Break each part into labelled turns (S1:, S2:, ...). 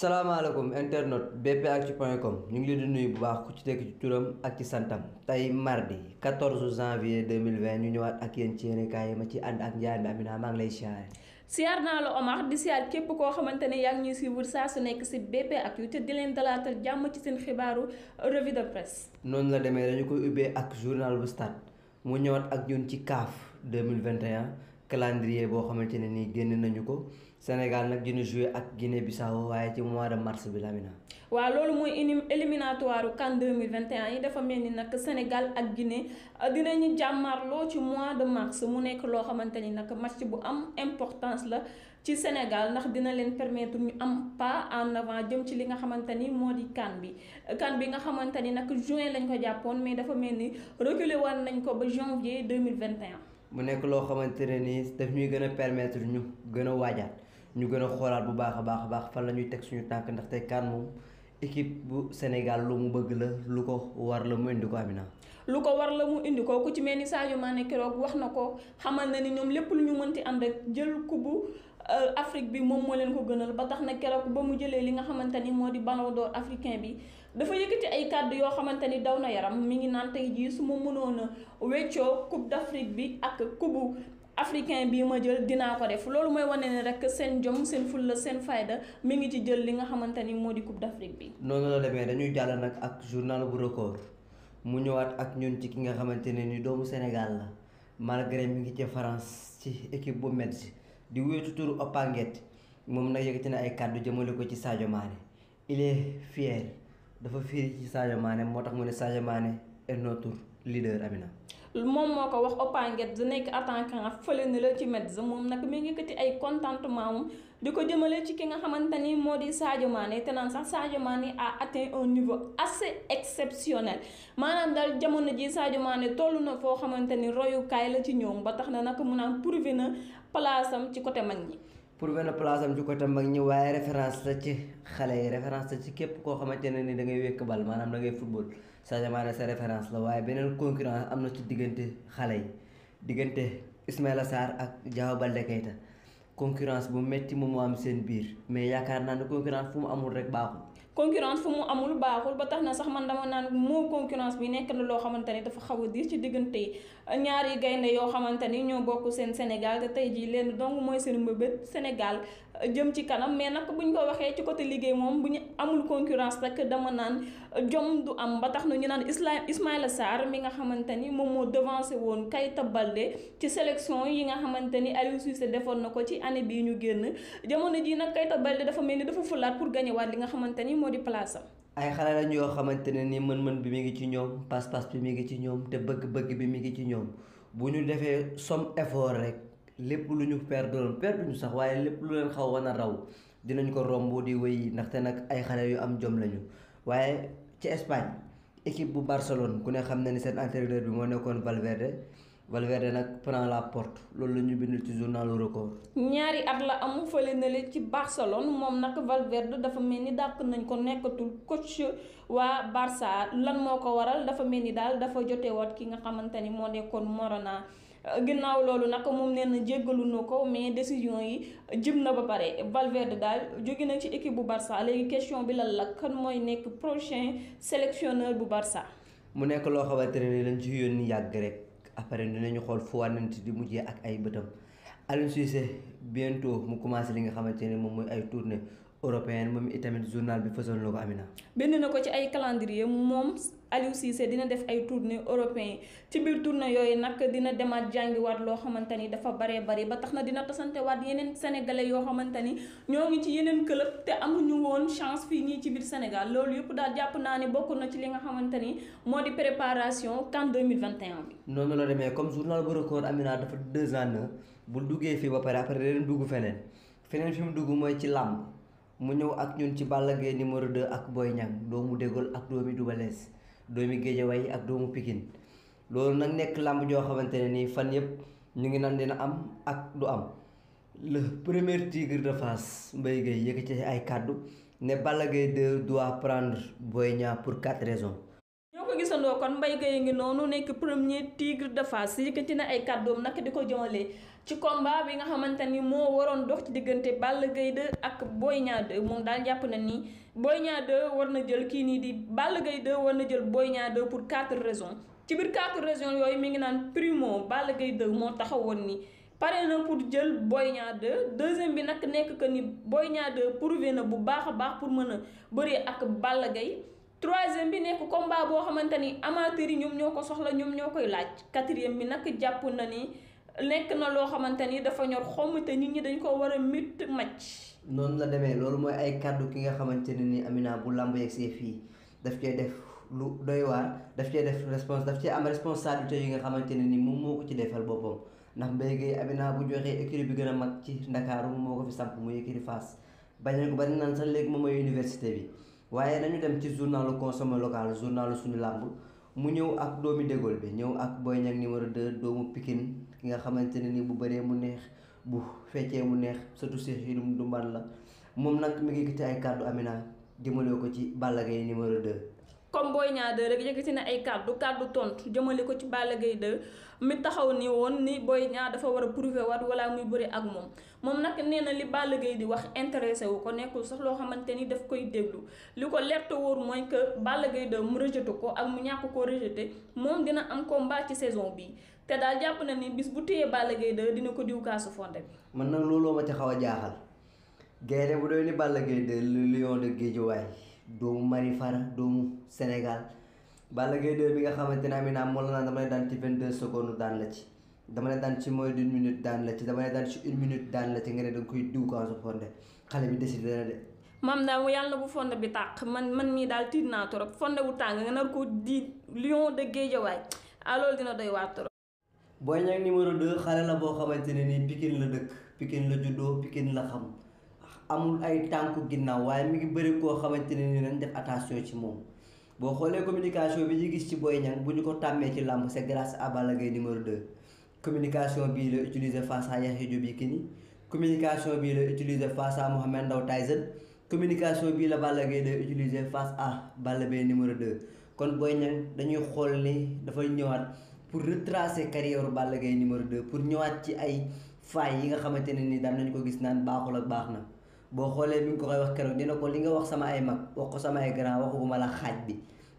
S1: salaamaaleykum internet bpactu point com ñu ngi leen di nuyu bu baax ku ci nekk ci turam ak ci santam tey mardi 14 janvier 2020 ñu ñëwaat ak yéen ci yéen kaay ma ci ànd ak njaay mi Amina maa ngi lay siyaare
S2: siyaar naa la Omar di siyaar képp koo xamante ne yaa ngi ñuy suivre saa su nekk si bpactu te di leen dalaatal jàmm ci seen xibaaru revue de presse.
S1: noonu la demee dañu koy ubbee ak journal bu stade mu ñëwaat ak ñun ci CAF 2021. calendrier boo xamante ne nii génn nañu ko Sénégal nag dina joué ak Guinée Bissau waaye ci mois de mars bi Lamina.
S2: waaw loolu mooy éliminatoire CAN 2021 yi dafa mel ni nag Sénégal ak Guinée euh, dinañu jàmmarloo ci mois de mars mu nekk loo xamante ni nag match bu am importance la ci Sénégal ndax dina leen permettre ñu am pas en avant jëm ci li nga xamante ni moo di kan bi kan bi nga xamante ni nag juin lañ ko jàppoon mais dafa mel ni reculer war nañ ko ba janvier 2021.
S1: mu nekk loo xamante ne nii daf ñuy gën a permettre ñu gën a waajaat ñu gën a xoolaat bu baax a baax a baax fan la ñuy teg suñu tànk ndaxte tey kan moom équipe bu Sénégal lu mu bëgg la lu ko war la mu indi ko Amina.
S2: lu ko war la mu indi ko ku ci mel ni Sadio Mané keroog wax na ko xamal na ni ñoom lépp lu ñu mënti am rek jël kubu. Euh, Afrique bi moom moo leen ko gënal ba tax na keroog ba mu jëlee li nga xamante ni moo di ballon d'or africain bi dafa yëkkati ay kàddu yoo xamante ni daw na yaram mi ngi naan tey jii su ma mënoon weccoo coupe d'Afrique bi ak kubu africain bii ma jël dinaa ko def loolu mooy wane ne rek seen jom seen fulla seen fayda mi ngi ci jël li nga xamante ni moo di coupe d'Afrique bi.
S1: noonu la demee dañuy jàll nag ak journal bu record mu ñëwaat ak ñun ci ki nga xamante ne ni doomu Sénégal la malgré mi ngi ci France ci équipe bu Metz di wéetu turu opanget moom nag yëkkati na ay kàddu jëmale ko ci Sadio Mané il est fier dafa fier ci Sadio Mané moo tax mu ne Sadio maane est notre leader Amina.
S2: moom moo ko wax Opanguette nekk attaquant fële ni la ci Metz moom nag mi ngi yëkkati ay contentement moom ko jëmale ci ki nga xamante ni moo di Sadio Mané te naan sax Sadio Mané a atteint un niveau assez exceptionnel maanaam daal jamono ji Sadio maane tollu na foo xamante ni royukaay la ci ñoom ba tax na nag mu naan prouvé na place am ci côté mag ñi.
S1: pour benn place am ci côté mag ñi waaye référence la ci xale yi référence la ci képp koo xamante ne ni da ngay wékk bal maanaam da ngay football Sadio Mané sa référence la waaye beneen concurrence am na ci diggante xale yi diggante Ismaïla Sarr ak Diao Baldé Keita concurrence bu metti moom moo am seen biir mais yaakaar naa ne concurrence fu mu amul rek baaxul.
S2: concurrence fu mu amul baaxul ba tax na sax man dama naan moo concurrence bi nekk na loo xamante ni dafa xaw diir ci diggante ñaari gaynde yoo xamante ni ñoo bokk seen Sénégal te tey jii leen dong mooy seen mbëbët Sénégal jëm ci kanam mais nag ñu ko waxee ci côté liggéey moom bu ñu amul concurrence rek dama naan jom du am ba tax na ñu naan Isla Ismaïla Sarr mi nga xamante ni moom moo devancé woon Keita Baldé ci sélection yi nga xamante ni Aliou defoon na ko ci année bii ñu génn jamono ji nag Keita Baldé dafa mel ni dafa fulaat pour gagné waat li nga xamante ni moo di place am
S1: ay xale lañ yoo xamante ne ni mën-mën bi mi ngi ci ñoom pas-pas bi mi ngi ci ñoom te bëgg-bëgg bi mi ngi ci ñoom bu ñu defee somme effort rek lépp lu ñu perdoon perduñu sax waaye lépp lu leen xaw wan a raw dinañ ko romboo di wéy ndaxte nag ay xale yu am jom lañu waaye ci Espagne équipe bu Barcelone ku ne xam na ni seen entraîneur bi moo nekkoon Valverde Valverde nag prend la porte loolu la ñu bindal ci journalu ko
S2: ñaari at la amu fële nale ci Barcelone moom nag Valverde dafa mel ni dàq nañ ko nekkatul coach waa Barça lan moo ko waral dafa mel ni daal dafa joteewaat ki nga xamante ni moo nekkoon Morona. ginnaaw loolu nag moom nee na jéggalu na ko mais décision yi jëm na ba pare Valverde daal jóge na ci équipe bu Barça léegi question bi lan la kan mooy nekk prochain sélectionneur bu Barça.
S1: mu nekk loo xamante ne dañ ci yónni yàgg rek. après dinañu xool fu wànnante di mujjee ak ay bëtam Aliou Cissé bientôt mu commencé li nga xamante ne moom mooy ay tournée européenne moom itamit journal bi fësal loo ko Amina.
S2: benn na ko ci ay calendrier moom Aliou Cissé dina def ay tournée européen ci biir tournée yooyu nag dina demaat jàngiwaat loo xamante ni dafa baree bari ba tax na dina tasante waat yeneen sénégalais yoo xamante ni ñoo ngi ci yeneen club te amuñu woon chance fii nii ci biir Sénégal loolu yëpp daal jàpp naa ne bokk na ci li nga xamante ni moo di préparation CAN 2021 bi.
S1: noonu la demee comme journal bu record Amina dafa deux ans bu duggee fii ba pare après dina dugg feneen feneen fi mu mooy ci làmb. mu ñëw ak ñun ci Balla Gaye numéro de ak Boy Niang doomu Dégol ak doomi Double Less doomi way ak doomu Pikine loolu nag nekk làmb joo xamante ne nii fan yëpp ñu ngi naan dina am ak du am le premier tigre de Fass Mbaye Guèye yëkkati ci ay kàddu ne Balla Gaye 2 doit prendre Boy Niang pour quatre raisons.
S2: gisandoo kon Mbaye Guèye ngi noonu nekk premier tigre de Fass yëkkati na ay kàddoom naka di ko jëmalee ci combat bi nga xamante ni moo waroon dox ci diggante Balla gay 2 ak Boy Niang moom daal jàpp na nii Boy Niang 2 war na jël kii nii di Balla gay 2 war na jël Boy Niang 2 pour quatre raisons ci biir quatre raisons yooyu mi ngi naan primo Balla Gaye 2 moo taxawoon nii pare na pour jël Boy Niang 2 deuxième bi nag nekk que ni Boy Niang 2 prouvé na bu baax baax pour mën a bëri ak Balla Gaye troisième bi nekk komba boo xamante ni amateurs yi ñoom ñoo ko soxla ñoom ñoo koy laaj quatrième bi nag jàpp na ni. lekk na loo xamante ni dafa ñor xomm te nit ñi dañu ko war a mitt
S1: màcc. noonu la demee loolu mooy ay kàddu ki nga xamante ne ni Amina bu làmb yegsee fii daf cee def lu doy waar daf cee def respons daf cee am responsabilité yi nga xamante ne ni moom moo ko ci defal boppam ndax Mbaye Guèye Amina bu joxee écurie bi gën a mag ci Ndakaaru moo ko fi samp muy écurie Fass bañ nañ ko bari naan sax léegi moom mooy université bi waaye nañu dem ci journalu consommé local journalu suñu làmb mu ñëw ak doomi Dégol bi ñëw ak Boy Niang numéro 2 doomu Pikine ki nga xamante ne nii bu bëree mu neex bu feccee mu neex surtout Cheikh Yérim du mban la moom nag mu ngi yëkkati ay kàddu Amina jëmale ko ci Balla Gaye numéro 2.
S2: comme Boy Niang 2 rek yëkkati na ay kàddu kàddu tontu jëmale ko ci Balla Gaye mi taxaw ni woon ni booy ñaar dafa war a prouver waat wala muy bëri ak moom moom nag nee na li Balla Gaye di wax intéressé wu ko nekkul sax loo xamante ni daf koy déglu li ko leer te mooy que Balla Gaye 2 mu rejeté ko ak mu ñàkk koo rejeté moom dina am combat ci saison bi te daal jàpp na ni bis bu téyee Balla Gaye 2 dina ko diw kaasu fonde bi.
S1: man nag looloo ma ci xaw a jaaxal. gaynde bu doy ni Balla Gaye 2 le lion de Guédiawaye doomu Mari Fara doomu Sénégal Balla Gaye 2 bi nga xamante ne Amina moom la naan dama lay daan ci 22 secondes daan la ci. dama lay daan ci moins d'une minute daan la ci dama lay daan ci une minute daan la ci nga ne danga koy diw kaasu fonde xale bi décidé na de.
S2: maam daal yàlla bu fonde man man mii daal tiit naa trop fonde bu tàng nga nar ko di lion de Guédiawaye ah
S1: Boy Niang numéro 2 xale la boo xamante ne nii Pikine la dëkk Pikine la juddoo Pikine la xam amul ay tànku ginnaaw waaye mi ngi bëri koo xamante ne nii nañ def attention ci moom boo xoolee communication bi ñu gis ci Boy Niang bu ñu ko tàmmee ci làmb c'est grâce à Balla Gaye numéro 2 communication bii la utiliser face a Yaxya Diop Yékini communication bii la utiliser face à Mohamed Ndao Tyson communication bii la Balla Gaye utiliser face à Balla Gaye numéro 2 kon Boy Niang dañuy xool ni dafa ñëwaat. pour retracer carrière Balla Gaye numéro 2 pour ñëwaat ci ay failles yi nga xamante ne ni daan nañu ko gis naan baaxul ak baax na boo xoolee bi ñu ko koy wax keroog dina ko li nga wax sama ay mag wax ko sama ay grand waxu ma la xaaj bi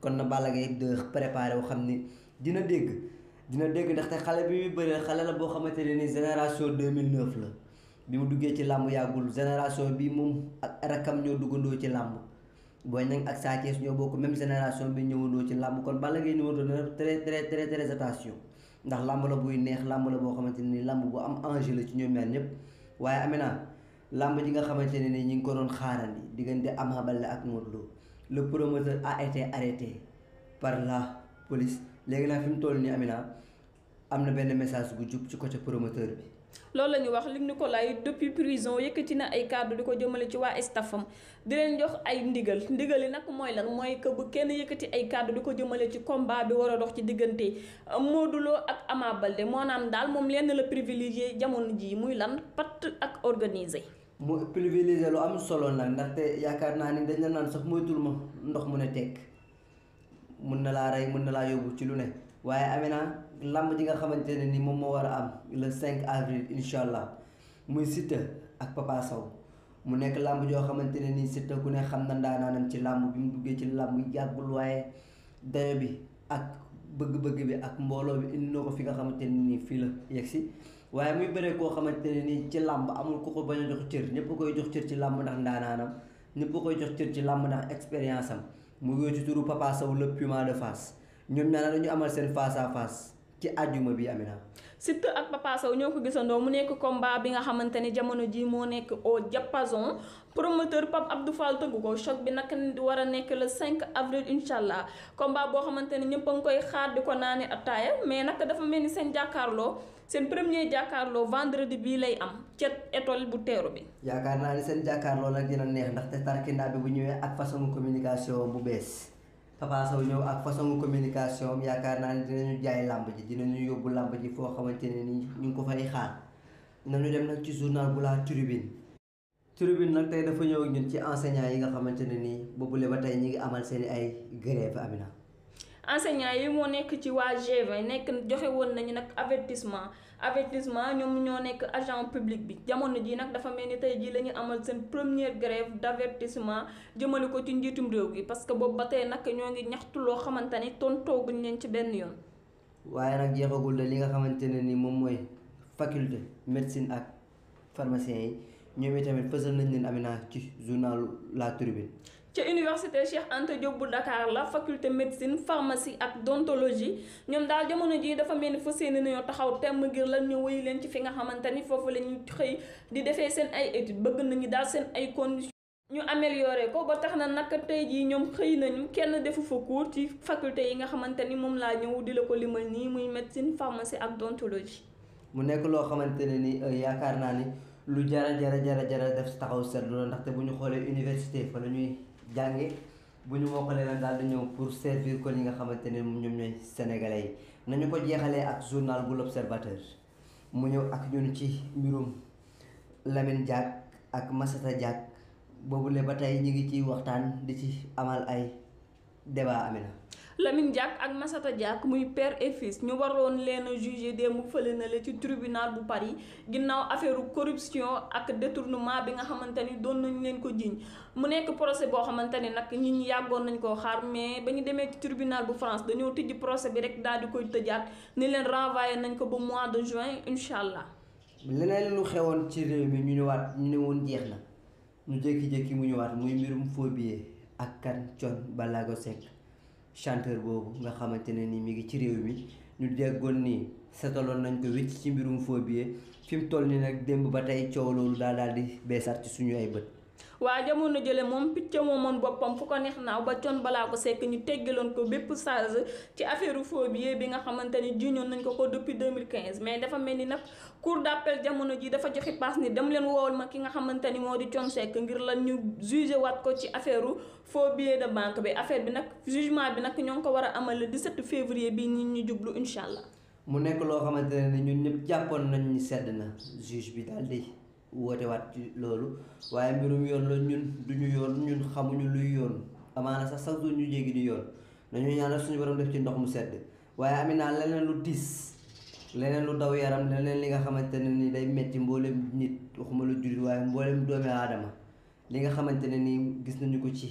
S1: kon na Balla Gaye de préparé wu xam ni dina dégg dina dégg ndax te xale bi muy bëree xale la boo xamante ne ni génération 2009 la bi mu duggee ci làmb yàggul génération bi moom ak rakam ñoo duggandoo ci làmb Boy Niang ak Sa Thiès ñoo bokk même génération bi ñëwandoo ci làmb kon Balla Gaye numéro 2 na très très très très attention ndax làmb la buy neex làmb la boo xamante ni nii làmb bu am enjeu la ci ñoom ñaar ñëpp waaye amee naa làmb ji nga xamante ne nii ñu ngi ko doon xaaral xaarandi diggante am Baldé ak Modou Lô le promoteur a été arrêté par la police léegi nag fi mu toll nii Amina am na benn message bu jub ci côté promoteur bi
S2: loolu la ñu wax Luc Nicolaï depuis prison yëkkati na ay kàddu di ko jëmale ci waa staffam di leen jox ay ndigal ndigal yi nag mooy lan mooy que bu kenn yëkkati ay kàddu di ko jëmale ci combat bi war a dox ci diggante Modou Lo ak Ama Baldé moo naam daal moom lenn la privilégié jamono jii muy lan patt ak organisé.
S1: mu privilégié lu am solo nag ndaxte yaakaar naa ni dañ la naan sax moytul ma ndox mu ne teg mun na laa rey mun na laa yóbbu ci lu ne waaye amee làmb ji nga xamante ne ni moom moo war a am le cinq avril incha allah muy Siteu ak Papa mu nekk làmb joo xamante ne ni Siteu ku ne xam na ndaanaanam ci làmb bi mu duggee ci làmb lamb yàggul waaye dayo bi ak bëgg-bëgg bi ak mbooloo bi indi na ko fi nga xamante ne nii fii la yegg si waaye muy bëre koo xamante ne nii ci làmb amul ku ko bañ a jox cër ñëpp koy jox cër ci làmb ndax ndaanaanam ñëpp koy jox cër ci làmb ndax expérience am mu wéy ci turu Papa Sow le Puma de Fass ñoom ñaar dañu amal seen face à ci àjjuma bi Amina.
S2: Siteu ak Papa Sow ñoo ko gisandoo mu nekk combat bi nga xamante ni jamono ji moo nekk au diapason promoteur Pape Abdou Fall tëggu ko choc bi nag war a nekk le 5 avril incha allah combat boo xamante ni ñëpp ngi koy xaar di ko naani attaaya mais nag dafa mel ni seen jàkkaarloo seen premier jàkkaarloo vendredi bii lay am ca étoile bu teeru bi.
S1: yaakaar naa ne seen jàkkaarloo la dina neex ndaxte tarkindaa bi bu ñëwee ak façon communication bu bees. Papa Sow ñëw ak façon communication yaakaar naa ne dinañu jaay làmb ji dinañu yóbbu làmb ji foo xamante ne ni ñu ngi ko fay xaar nañu dem nag ci journal bu la Tribune. Tribune nag tey dafa ñëw ñun ci enseignants yi nga xamante ne nii boobule ba tey ñi ngi amal seen i ay grève Amina.
S2: enseignants yi moo nekk ci waa G20 nekk joxe woon nañu nag avertissement avertissement ñoom ñoo nekk agent public bi jamono ji nag dafa mel ni tey jii la amal seen première grève d' avertissement jëmale ko ci njiitum réew gi parce que boobu ba tey nag ñoo ngi ñaxtu loo xamante ni tontooguñ leen ci benn yoon.
S1: waaye nag jeexagul de li nga xamante ne ni moom mooy faculté médecine ak pharmacien yi ñoom itamit fësal nañ leen amina ci journal La Tribune.
S2: ca université Cheikh ente Diop bu Dakar la faculté médecine pharmacie ak dontologie ñoom daal jamono ji dafa mel ni fa seeni nañoo taxaw temm ngir lan ñu wéy leen ci fi nga xamante ni foofu la ñuy xëy di defee seen ay études bëgg nañu daal seen ay conditions ñu amélioré ko ba tax na naka tey jii ñoom xëy nañu kenn defu fa cours ci faculté yi nga xamante ni moom laa ñëw di la ko limal nii muy médecine pharmacie ak
S1: dontologie. mu nekk loo xamante ne ni euh, yaakaar naa ni lu jara jara jara jara def taxaw seetlu la ndaxte bu ñu xoolee université fa la jànge bu ñu mokkalee na daal di ñëw pour servir ko li nga xamante ne ñoom ñooy sénégalais yi nañu ko jeexalee ak journal bu l'Observateur mu ñëw ak ñun ci mbirum Lamine Diack ak Massata Diack boobule ba tey ñu ngi ciy waxtaan di ci amal ay débat amina
S2: Lamine Diack ak Massata Diack muy père et ñu waroon leen a jugé démb fële na leen ci tribunal bu Paris ginnaaw affaire corruption ak détournement bi nga xamante ni doon nañ leen ko jiiñ mu nekk procès boo xamante ni nag nit ñi yàggoon nañ koo xaar mais ba ñu demee ci tribunal bu France dañoo tijji procès bi rek daal di koy tëjaat ni leen renvoyé nañ ko ba mois de juin incha allah.
S1: leneen lu xewoon ci réew mi ñu ñëwaat ñu ne woon jeex na ñu jékki-jékki muy mbirum faux billet ak kan Thione Ballago Seck chanteur boobu nga xamante ne ni mu ngi ci réew mi ñu déggoon ni setaloon nañu ko wécc ci mbirum faux billets fi mu ni nag démb ba tey coow loolu daa daal di beesaat ci suñu ay bët
S2: waa jamono jële moom picc moomoon boppam fu ko neex naaw ba con balaa ko sekk ñu teggiloon ko bépp charge ci affaire phobie bi nga xamante ni jiñoon nañ ko ko depuis 2015 mais dafa mel ni nag cour d'appel jamono ji dafa joxe paas ni dem leen woowal ma ki nga xamante ni moo di con sekk ngir lan ñu jugé waat ko ci affaire phobie de banque bi affaire bi nag jugement bi nag ñoo ngi ko war a amal le 17 février bi ñi ñu jublu incha allah.
S1: mu nekk loo xamante ne ñun ñëpp jàppoon nañ ni sedd na juge bi daal woote waat ci loolu waaye mbirum yoon la ñun duñu yoon ñun xamuñu luy yoon amaana sax sax du ñu jéggi di yoon dañu ñaanal suñu borom def ci ndox mu sedd waaye amina leneen lu diis leneen lu daw yaram leneen li nga xamante ne ni day metti mboolem nit waxuma lu jullit waaye mboolem doomi aadama li nga xamante ne nii gis nañu ko ci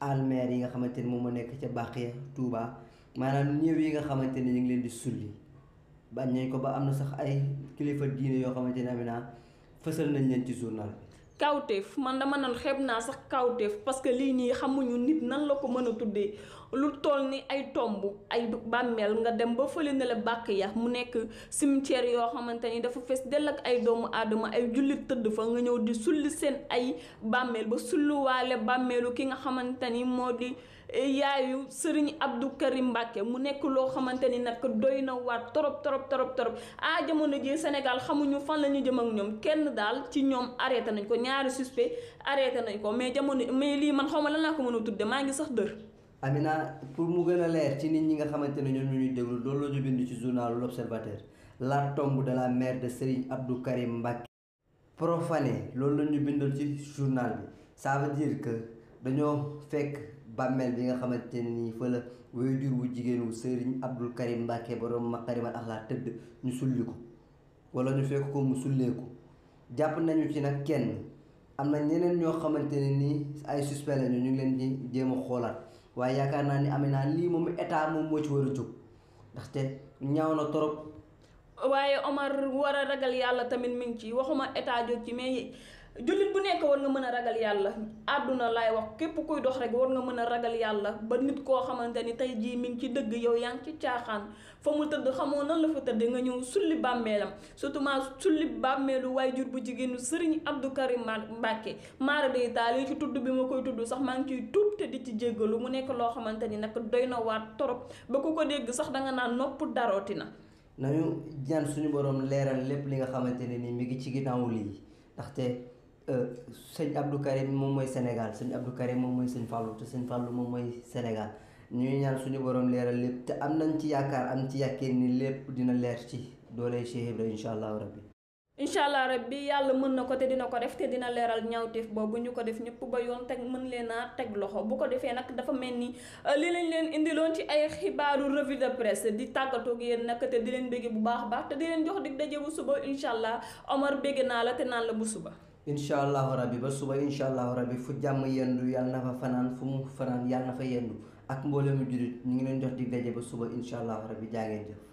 S1: almeer yi nga xamante ni moom moo nekk ca Baqiya tuuba maanaam ñëw yi nga xamante ni ñu ngi leen di sulli bañ nañ ko ba am na sax ay kilifa diine yoo xamante ne amina fësal nañ leen ci journal bi.
S2: kawteef man dama nan xeeb naa sax kawteef parce que lii nii xamuñu nit nañ la ko mën a tuddee lu toll ni ay tomb ay bàmmeel nga dem ba fële ne la bàkk ya mu nekk cimetière yoo xamante ni dafa fees dell ak ay doomu aadama ay jullit tëdd fa nga ñëw di sulli seen ay bàmmeel ba sulluwaale bàmmeelu ki nga xamante ni moo di yaayu Serigne Abdou Karim Mbacke mu nekk loo xamante ni nag ko doy na waat torop torop torop torop ah jamono ji Sénégal xamuñu fan la ñu jëm ak ñoom kenn daal ci ñoom arrêté nañ ko ñaari suspet arrêté nañ ko mais jamono mais lii man xaw ma lan laa ko mën a tudde maa ngi sax dër.
S1: Amina pour mu gën a leer ci nit ñi nga xamante ne ñoom ñu ñuy déglu loolu la ñu bind ci journal l'Observateur la tombe de la mère de Serigne Abdou Karim Mbacke. profané loolu la ñu bindal ci journal bi ça que dañoo fekk. bàmmeel bi nga xamante ne nii fa la way jur wu jigéen wu sëriñ Abdul Karim ma borom Makarimal laa tëdd ñu sulli ko ñu fekk ko mu sulleeku jàpp nañu ci nag kenn am na ñeneen ñoo xamante ne nii ay suspect lañu ñu leen di jéem a xoolaat waaye yaakaar naa ni amee naa lii moom état moom moo ci war a jóg ndaxte ñaaw na torop
S2: waaye Omar war a ragal yàlla tamit mi ci waxuma état jóg ci mais jullit bu nekk war nga mën a ragal yàlla àdduna laay wax képp kuy dox rek war nga mën a ragal yàlla ba nit koo xamante ni tey jii mi ngi ci dëgg yow yaa ngi ci caaxaan fa mu tëdd xamoon nan la fa tëdd nga ñëw sulli bàmmeelam surtout ma sulli bàmmeelu waajur bu jigéenu sëriñ Abdou Karim Mbacke maara day taal ci tudd bi ma koy tudd sax maa ngi ciy tuub te di ci jéggalu mu nekk loo xamante ni nag doy na waat torop ba ku ko dégg sax danga naan nopp darooti na.
S1: nañu ñaan suñu borom leeral lépp li nga xamante ne ni mi ngi ci ginnaawu lii ndaxte. Euh, sëñ Abdou Karim moom mooy Sénégal sëñ Abdou Karim moom mooy sëñ Fallou te sëñ moom mooy Sénégal ñuy ñaan suñu borom leeral lépp te am nañ ci yaakaar am ci yàkkee ni lépp dina leer ci doole Cheikh incha allahu
S2: incha allah rabbi yàlla mën na ko dina ko def dina leeral ñaawteef boobu ñu ko def ñëpp ba yoon teg mën leen a teg loxo bu ko defee nag dafa mel ni euh, li lañ leen indiloon ci ay xibaaru revue de presse di tàggatoo ak yéen te di leen bégge bu baax a baax te di leen jox di daje bu suba incha allah Omar bégge naa la te naan la bu suba.
S1: incha allahu rabbi ba suba incha allahu rabbi fu jàmm yendu yàlla na fa fanaan fu mu fanaan yàlla na fa yendu ak mboolem jullit ñu ngi leen jox dig daje ba suba incha allahu rabbi jaa ngeen